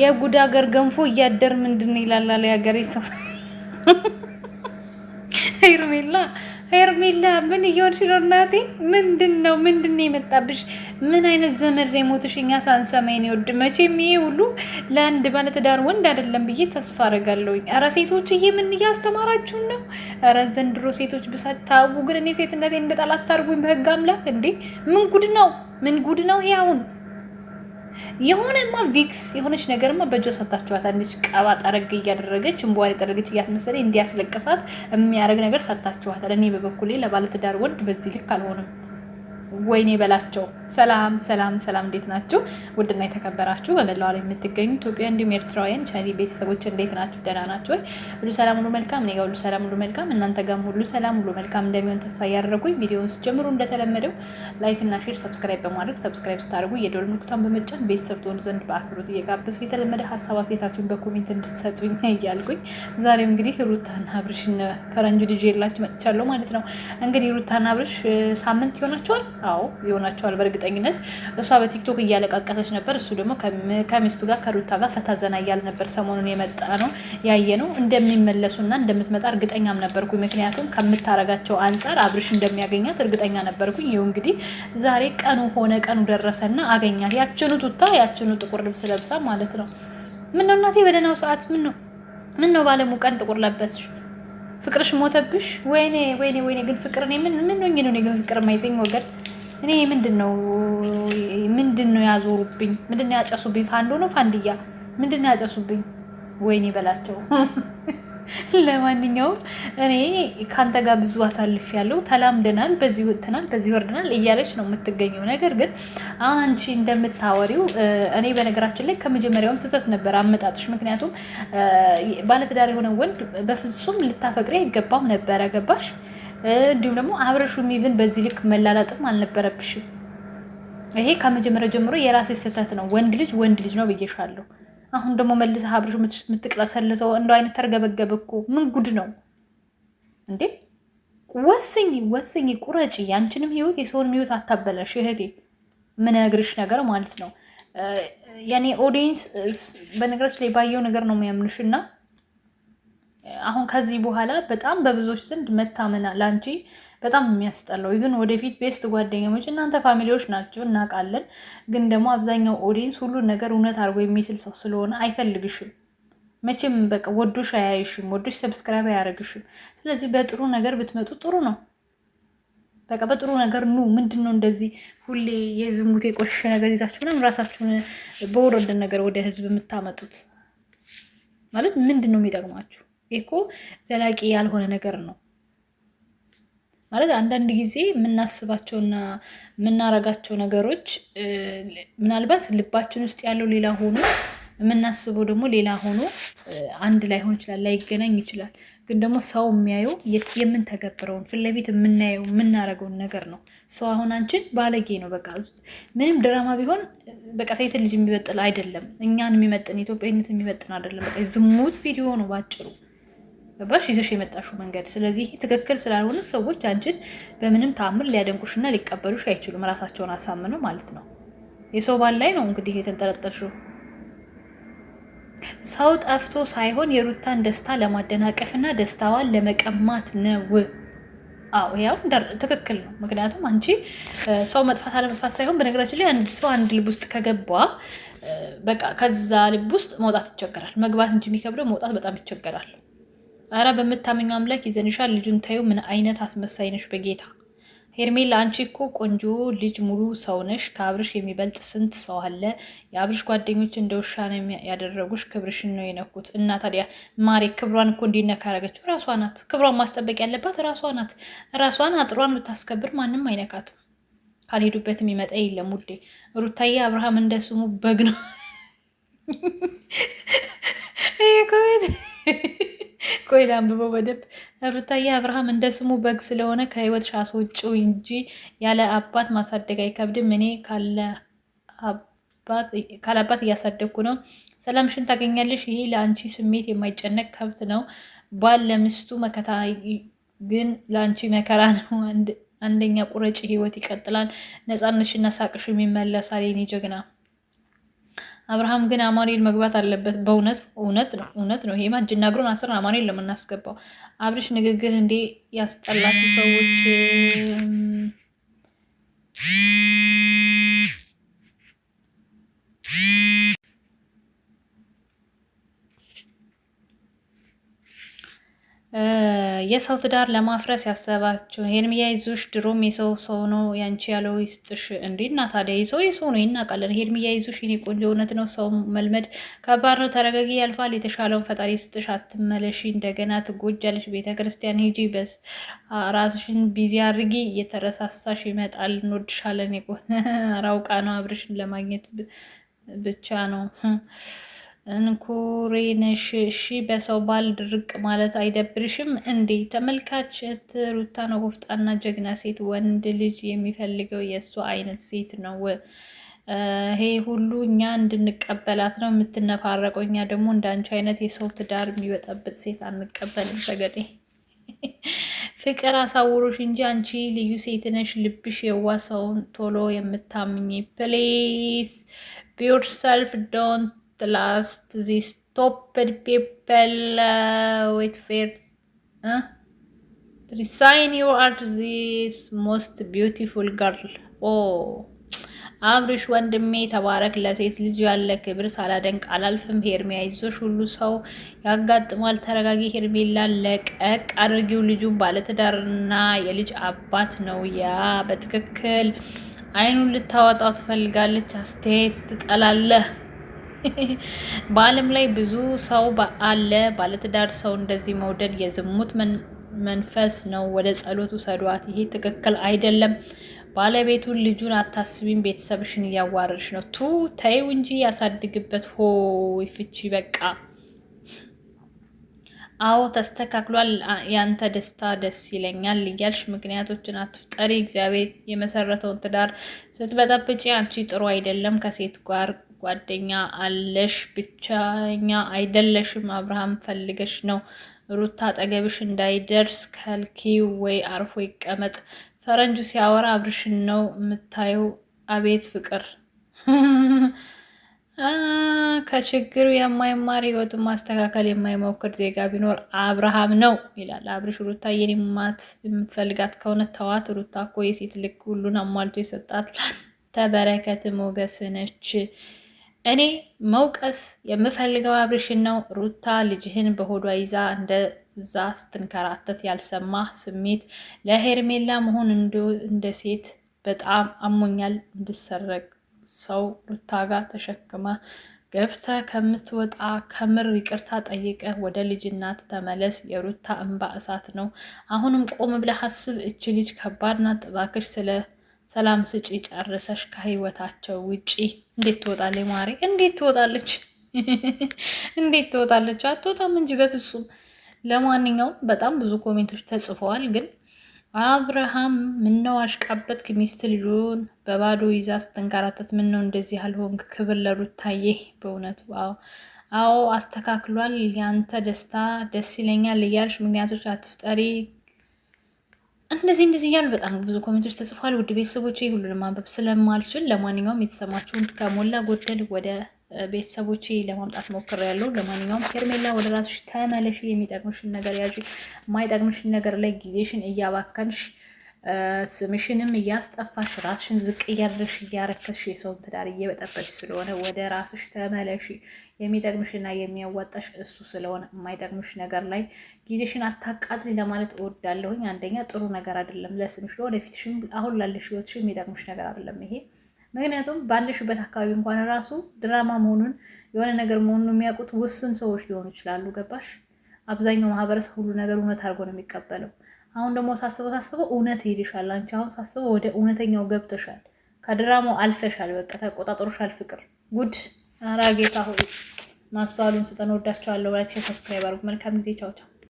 የጉድ ሀገር ገንፎ እያደር ምንድን ነው ይላል የሀገሬ ሰው። ሄርሜላ ሄርሜላ ምን እየሆንሽ ነው እናቴ? ምንድን ነው ምንድን ነው የመጣብሽ? ምን አይነት ዘመድ ላይ ሞትሽ? እኛ ሳንሰማኝ ይወድ መቼም ይሄ ሁሉ ለአንድ ባለትዳር ወንድ አይደለም ብዬ ተስፋ አደርጋለሁኝ። ኧረ ሴቶችዬ ምን እያስተማራችሁን ነው? ኧረ ዘንድሮ ሴቶች ብሳት ታቡ። ግን እኔ ሴትነቴ እንደ ጠላት ታርጉኝ በህግ አምላክ። እንዴ ምን ጉድ ነው? ምን ጉድ ነው ይሄ አሁን የሆነማ ቪክስ የሆነች ነገርማ በእጇ ሰጥታችኋት አንዲች ቀባ ጠረግ እያደረገች እንቧን የጠረገች እያስመሰለ እንዲያስለቅሳት የሚያደርግ ነገር ሰጥታችኋታል። እኔ በበኩሌ ለባለትዳር ወንድ በዚህ ልክ አልሆንም። ወይኔ በላቸው። ሰላም ሰላም ሰላም፣ እንዴት ናችሁ? ውድና የተከበራችሁ በመላው ዓለም የምትገኙ ኢትዮጵያ እንዲሁም ኤርትራውያን ቻሊ ቤተሰቦች እንዴት ናችሁ? ደህና ናችሁ ወይ? ሁሉ ሰላም ሁሉ መልካም፣ እኔ ጋር ሁሉ ሰላም ሁሉ መልካም፣ እናንተ ጋርም ሁሉ ሰላም ሁሉ መልካም እንደሚሆን ተስፋ እያደረጉኝ ቪዲዮውን ስጀምሩ እንደተለመደው ላይክ እና ሼር፣ ሰብስክራይብ በማድረግ ሰብስክራይብ ስታደርጉ የደወል ምልክቷን በመጫን ቤተሰብ ትሆኑ ዘንድ በአክብሮት እየጋበዝኩ የተለመደ ሀሳብ አስተያየታችሁን በኮሜንት እንድትሰጡኝ እያልኩኝ ዛሬም እንግዲህ ሩታና አብርሽን ፈረንጅ ልጅ የላችሁ መጥቻለሁ ማለት ነው። እንግዲህ ሩታና አብርሽ ሳምንት ይሆናቸዋል አዎ ይሆናቸዋል በእርግጠኝነት። እሷ በቲክቶክ እያለቃቀሰች ነበር፣ እሱ ደግሞ ከሚስቱ ጋር ከሩታ ጋር ፈታ ዘና እያለ ነበር። ሰሞኑን የመጣ ነው ያየ ነው። እንደሚመለሱና እንደምትመጣ እርግጠኛም ነበርኩ፣ ምክንያቱም ከምታረጋቸው አንጻር አብርሽ እንደሚያገኛት እርግጠኛ ነበርኩኝ። ይሁ እንግዲህ ዛሬ ቀኑ ሆነ፣ ቀኑ ደረሰና አገኛት። ያችኑ ቱታ ያችኑ ጥቁር ልብስ ለብሳ ማለት ነው። ምን ነው እናቴ በደህናው ሰዓት ምን ነው ምን ነው ባለሙ ቀን ጥቁር ለበስሽ? ፍቅርሽ ሞተብሽ? ወይኔ ወይኔ ወይኔ! ግን ፍቅር እኔ ምን ምን ነው ግን ፍቅር ማይዘኝ ወገን እኔ ምንድን ነው ምንድን ነው ያዞሩብኝ? ምንድን ነው ያጨሱብኝ? ፋንዶ ነው ፋንድያ? ምንድን ነው ያጨሱብኝ? ወይኔ በላቸው። ለማንኛውም እኔ ከአንተ ጋር ብዙ አሳልፍ ያለው ተላምደናል፣ በዚህ ወጥተናል፣ በዚህ ወርደናል እያለች ነው የምትገኘው። ነገር ግን አንቺ እንደምታወሪው እኔ በነገራችን ላይ ከመጀመሪያውም ስህተት ነበር አመጣጥሽ። ምክንያቱም ባለትዳር የሆነ ወንድ በፍጹም ልታፈቅሪ አይገባም ነበረ። ገባሽ? እንዲሁም ደግሞ አብረሹ ይብን በዚህ ልክ መላላጥም አልነበረብሽም። ይሄ ከመጀመሪያ ጀምሮ የራሴ ስህተት ነው። ወንድ ልጅ ወንድ ልጅ ነው ብዬሻለሁ። አሁን ደግሞ መልሰህ አብረሹ የምትቅለሰልሰው እንደ አይነት ተርገበገብ እኮ ምን ጉድ ነው እንዴ? ወስኝ ወስኝ፣ ቁረጭ። ያንችንም ህይወት የሰውንም ህይወት አታበላሽ እህቴ። ምነግርሽ ነገር ማለት ነው ያኔ ኦዲየንስ በነገራችን ላይ ባየው ነገር ነው የሚያምንሽ እና አሁን ከዚህ በኋላ በጣም በብዙዎች ዘንድ መታመና ላንቺ በጣም የሚያስጠላው ይህን ወደፊት ቤስት ጓደኛሞች እናንተ ፋሚሊዎች ናቸው እናውቃለን። ግን ደግሞ አብዛኛው ኦዲንስ ሁሉን ነገር እውነት አድርጎ የሚስል ሰው ስለሆነ አይፈልግሽም። መቼም በቃ ወዶሽ አያይሽም፣ ወዶሽ ሰብስክራይብ አያደርግሽም። ስለዚህ በጥሩ ነገር ብትመጡ ጥሩ ነው። በቃ በጥሩ ነገር ኑ። ምንድን ነው እንደዚህ ሁሌ የዝሙት የቆሸሸ ነገር ይዛችሁ ምናምን ራሳችሁን በወረደ ነገር ወደ ህዝብ የምታመጡት ማለት ምንድን ነው የሚጠቅማችሁ? እኮ ዘላቂ ያልሆነ ነገር ነው ማለት አንዳንድ ጊዜ የምናስባቸውና የምናረጋቸው ነገሮች ምናልባት ልባችን ውስጥ ያለው ሌላ ሆኖ የምናስበው ደግሞ ሌላ ሆኖ አንድ ላይሆን ይችላል፣ ላይገናኝ ይችላል። ግን ደግሞ ሰው የሚያየው የምንተገብረውን ፊት ለፊት የምናየው የምናረገውን ነገር ነው። ሰው አሁን አንቺን ባለጌ ነው በቃ ምንም ድራማ ቢሆን በቃ ሴት ልጅ የሚበጥል አይደለም፣ እኛን የሚመጥን ኢትዮጵያዊነት የሚመጥን አይደለም። በቃ ዝሙት ቪዲዮ ነው ባጭሩ። ገባሽ ይዘሽ የመጣሽው መንገድ። ስለዚህ ይህ ትክክል ስላልሆነ ሰዎች አንቺን በምንም ታምር ሊያደንቁሽና ሊቀበሉሽ አይችሉም። ራሳቸውን አሳምነው ማለት ነው። የሰው ባል ላይ ነው እንግዲህ የተንጠለጠልሽው። ሰው ጠፍቶ ሳይሆን የሩታን ደስታ ለማደናቀፍና ደስታዋን ለመቀማት ነው። አዎ ያው ትክክል ነው። ምክንያቱም አንቺ ሰው መጥፋት አለመጥፋት ሳይሆን፣ በነገራችን ላይ አንድ ሰው አንድ ልብ ውስጥ ከገባ በቃ ከዛ ልብ ውስጥ መውጣት ይቸገራል። መግባት እንጂ የሚከብደው መውጣት በጣም ይቸገራል። አረ በምታመኘው አምላክ ይዘንሻል። ልጁን ታዩ። ምን አይነት አስመሳይ ነሽ! በጌታ ሄርሜላ፣ አንቺ እኮ ቆንጆ ልጅ ሙሉ ሰው ነሽ። ከአብርሽ የሚበልጥ ስንት ሰው አለ? የአብርሽ ጓደኞች እንደ ውሻ ነው ያደረጉሽ። ክብርሽን ነው የነኩት። እና ታዲያ ማሬ ክብሯን እኮ እንዲነካ ያደረገችው ራሷ ናት። ክብሯን ማስጠበቅ ያለባት ራሷ ናት። ራሷን አጥሯን ብታስከብር ማንም አይነካትም። ካልሄዱበት የሚመጣ የለም ውዴ። ሩታዬ፣ አብርሃም እንደ ስሙ በግ ነው። ቆይ ላንብበው በደንብ። ሩታዬ አብርሃም እንደ ስሙ በግ ስለሆነ ከህይወት አስወጪው እንጂ ያለ አባት ማሳደግ አይከብድም። እኔ ካለአባት እያሳደግኩ ነው። ሰላምሽን ታገኛለሽ። ይሄ ለአንቺ ስሜት የማይጨነቅ ከብት ነው። ባል ለሚስቱ መከታ፣ ግን ለአንቺ መከራ ነው። አንደኛ ቁረጭ፣ ህይወት ይቀጥላል። ነፃነትሽና ሳቅሽ ይመለሳል የኔ ጀግና አብርሃም ግን አማኑኤል መግባት አለበት። በእውነት እውነት ነው እውነት ነው። ይሄማ እጅና እግሩን አስረን አማኑኤል ለምናስገባው አብርሽ ንግግር እንዴ ያስጠላችሁ ሰዎች የሰው ትዳር ለማፍረስ ያሰባችሁ ሄርሚያ ይዞሽ ድሮም የሰው ሰው ነው ያንቺ ያለው ይስጥሽ። እንዴ እና ታዲያ የሰው የሰው ነው ይናቃለን። ሄርሚያ ይዞሽ የኔ ቆንጆ፣ እውነት ነው ሰው መልመድ ከባድ ነው። ተረጋጊ፣ ያልፋል። የተሻለውን ፈጣሪ ስጥሽ። አትመለሽ እንደገና ትጎጃለሽ። ቤተ ክርስቲያን ሂጂ፣ በስ ራስሽን ቢዚ አድርጊ። እየተረሳሳሽ ይመጣል። እንወድሻለን። የቆ አራውቃ ነው አብርሽን ለማግኘት ብቻ ነው እንኩሬነሽ እሺ በሰው ባል ድርቅ ማለት አይደብርሽም እንዴ? ተመልካች ነው ወፍጣና ጀግና ሴት፣ ወንድ ልጅ የሚፈልገው የእሱ አይነት ሴት ነው። ይሄ ሁሉ እኛ እንድንቀበላት ነው የምትነፋረቀው። እኛ ደግሞ እንዳንቺ አይነት የሰው ትዳር የሚበጠብጥ ሴት አንቀበልም። ሰገጤ ፍቅር አሳውሮሽ እንጂ አንቺ ልዩ ሴት ነሽ። ልብሽ የዋ ሰውን ቶሎ የምታምኝ ፕሌስ ቢዮርሰልፍ ዶንት last the stopped people uh, with first huh? resign you are this most beautiful girl oh አብርሽ ወንድሜ ተባረክ። ለሴት ልጅ ያለ ክብር ሳላደንቅ አላልፍም። ሄርሜ አይዞሽ፣ ሁሉ ሰው ያጋጥማል። ተረጋጊ ሄርሜላ፣ ለቀቅ አድርጊው። ልጁ ባለትዳርና የልጅ አባት ነው። ያ በትክክል አይኑን ልታወጣው ትፈልጋለች። አስተያየት ትጠላለህ። በዓለም ላይ ብዙ ሰው አለ። ባለትዳር ሰው እንደዚህ መውደድ የዝሙት መንፈስ ነው። ወደ ጸሎት ውሰዷት። ይሄ ትክክል አይደለም። ባለቤቱን፣ ልጁን አታስቢም። ቤተሰብሽን እያዋረሽ ነው። ቱ ተይው እንጂ ያሳድግበት። ሆይ ፍቺ በቃ አዎ ተስተካክሏል። ያንተ ደስታ ደስ ይለኛል እያልሽ ምክንያቶችን አትፍጠሪ። እግዚአብሔር የመሰረተውን ትዳር ስትበጠብጪ አንቺ ጥሩ አይደለም። ከሴት ጋር ጓደኛ አለሽ፣ ብቻኛ አይደለሽም፣ አብርሃም ፈልገሽ ነው። ሩታ አጠገብሽ እንዳይደርስ ከልኪው ወይ አርፎ ይቀመጥ። ፈረንጁ ሲያወራ አብርሽን ነው የምታየው። አቤት ፍቅር! ከችግሩ የማይማር ህይወቱን ማስተካከል የማይሞክር ዜጋ ቢኖር አብርሃም ነው ይላል አብርሽ። ሩታ የኔ የምትፈልጋት ከሆነ ተዋት። ሩታ እኮ የሴት ልክ ሁሉን አሟልቶ የሰጣት ተበረከት ሞገስ ነች። እኔ መውቀስ የምፈልገው አብርሽን ነው። ሩታ ልጅህን በሆዷ ይዛ እንደዛ ስትንከራተት ያልሰማ ስሜት ለሄርሜላ መሆን እንደ ሴት በጣም አሞኛል። እንድሰረቅ ሰው ሩታ ጋር ተሸክመ ገብተ ከምትወጣ ከምር ይቅርታ ጠይቀ ወደ ልጅናት ተመለስ። የሩታ እንባ እሳት ነው። አሁንም ቆም ብለህ አስብ። እች ልጅ ከባድ ናት። ስለ ሰላም ስጪ ጨርሰሽ ከህይወታቸው ውጪ። እንዴት ትወጣለች ማሬ? እንዴት ትወጣለች? እንዴት ትወጣለች? አትወጣም እንጂ በፍጹም። ለማንኛውም በጣም ብዙ ኮሜንቶች ተጽፈዋል። ግን አብርሃም ምነው አሽቃበጥክ? ሚስት ልጁን በባዶ ይዛ ስትንከራተት ምነው እንደዚህ አልሆንክ? ክብር ለሩታዬ በእውነቱ አዎ አዎ አስተካክሏል። ያንተ ደስታ ደስ ይለኛል እያልሽ ምክንያቶች አትፍጠሪ። እንደዚህ እንደዚህ እያሉ በጣም ብዙ ኮሜንቶች ተጽፏል። ውድ ቤተሰቦች ሁሉንም ማንበብ ስለማልችል ለማንኛውም የተሰማችሁን ከሞላ ጎደል ወደ ቤተሰቦቼ ለማምጣት ያለው። ለማንኛውም ሄርሜላ ወደ ራስሽ ተመለሽ፣ የሚጠቅምሽን ነገር ያዥ፣ የማይጠቅምሽን ነገር ላይ ጊዜሽን እያባከንሽ ስምሽንም እያስጠፋሽ ራስሽን ዝቅ እያደረግሽ እያረከስሽ የሰውን ትዳር እየበጠበች ስለሆነ ወደ ራስሽ ተመለሺ። የሚጠቅምሽና የሚያዋጣሽ እሱ ስለሆነ የማይጠቅምሽ ነገር ላይ ጊዜሽን አታቃጥሊ ለማለት እወዳለሁኝ። አንደኛ ጥሩ ነገር አይደለም ለስምሽ፣ ለወደፊትሽም አሁን ላለሽ ህይወትሽ የሚጠቅምሽ ነገር አይደለም ይሄ። ምክንያቱም ባለሽበት አካባቢ እንኳን ራሱ ድራማ መሆኑን የሆነ ነገር መሆኑን የሚያውቁት ውስን ሰዎች ሊሆኑ ይችላሉ። ገባሽ? አብዛኛው ማህበረሰብ ሁሉ ነገር እውነት አድርጎ ነው የሚቀበለው። አሁን ደግሞ ሳስበው ሳስበው እውነት ሄድሻል። አንቺ አሁን ሳስበው ወደ እውነተኛው ገብተሻል። ከድራማው አልፈሻል። በቃ ተቆጣጠሮሻል። ፍቅር ጉድ! ኧረ ጌታ ሆይ ማስተዋሉን ስጠን። ወዳቸዋለሁ። ላይክ፣ ሰብስክራይብ አድርጉ። መልካም ጊዜ። ቻው ቻው።